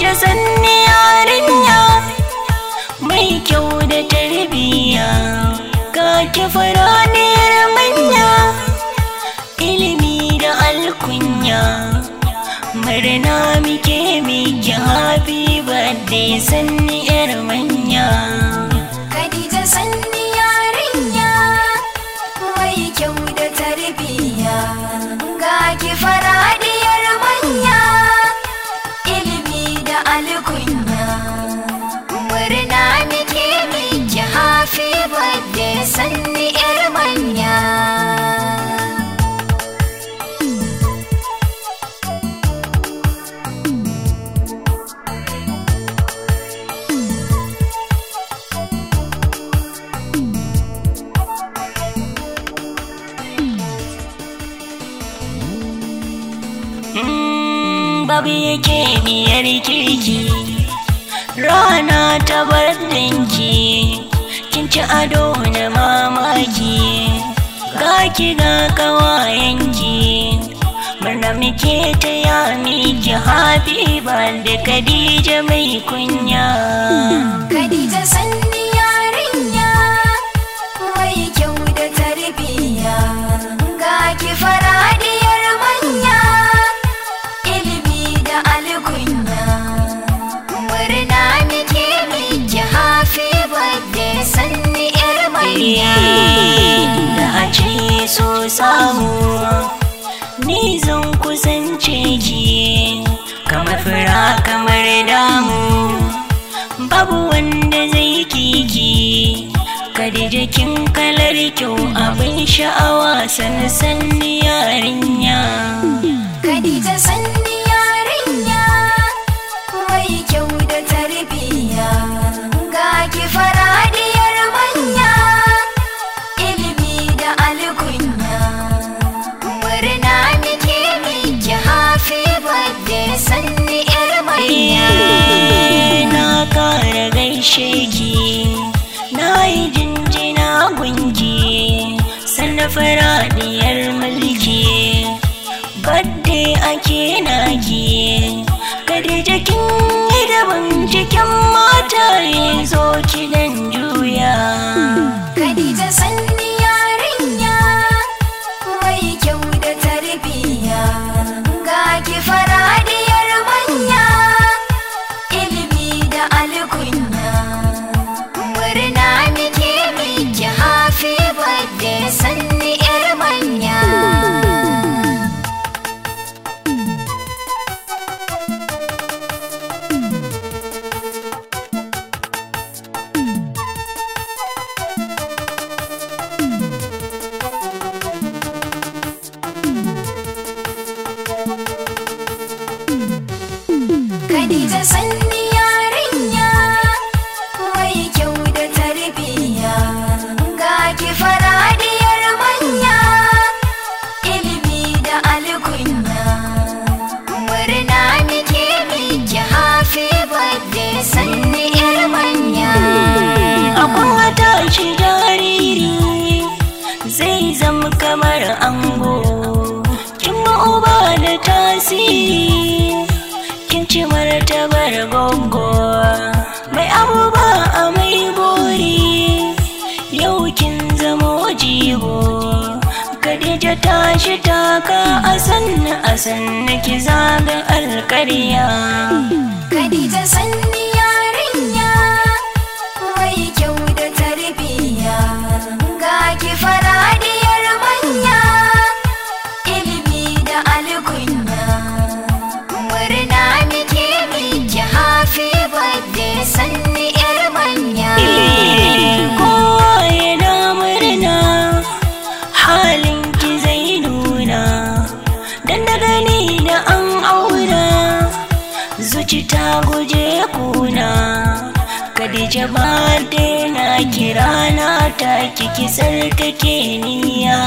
da zanni yarinya mai kyau da tarbiyya Ka ki fara ne babu yake miyar kirki rana ta bar dinki kin ci ado na mamaki ga ki ga kawayenki murna muke ta ya miki habiba da khadija mai kunya kadija sanda soyayya da a ce so samu ni zan kusance ki kamar fura kamar damu babu wanda zai kiki kada jikin kalar kyau abin sha'awa san sanni gaishe na yi jinjina gunki sannan faradiyar mulki badde ake nagi kada jikin da jikin ma shi jariri zai zama kamar ango kin uba da tasiri kin ci martabar gongo mai abubuwa a mai bori yau kin zama jigo Khadija ta shi taka a sanna a sanna ki zaga alƙarya ta guje kuna Khadija bade na kirana ta kiki sarkake niya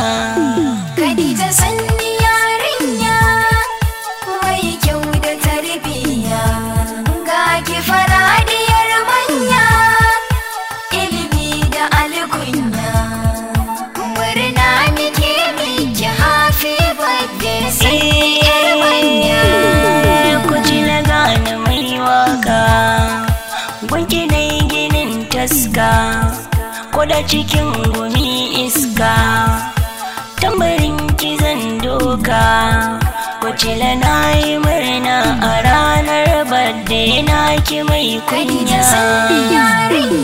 kuda cikin gumi iska tambarin kizan doka kucila na yi murna a ranar badde na ki mai kunya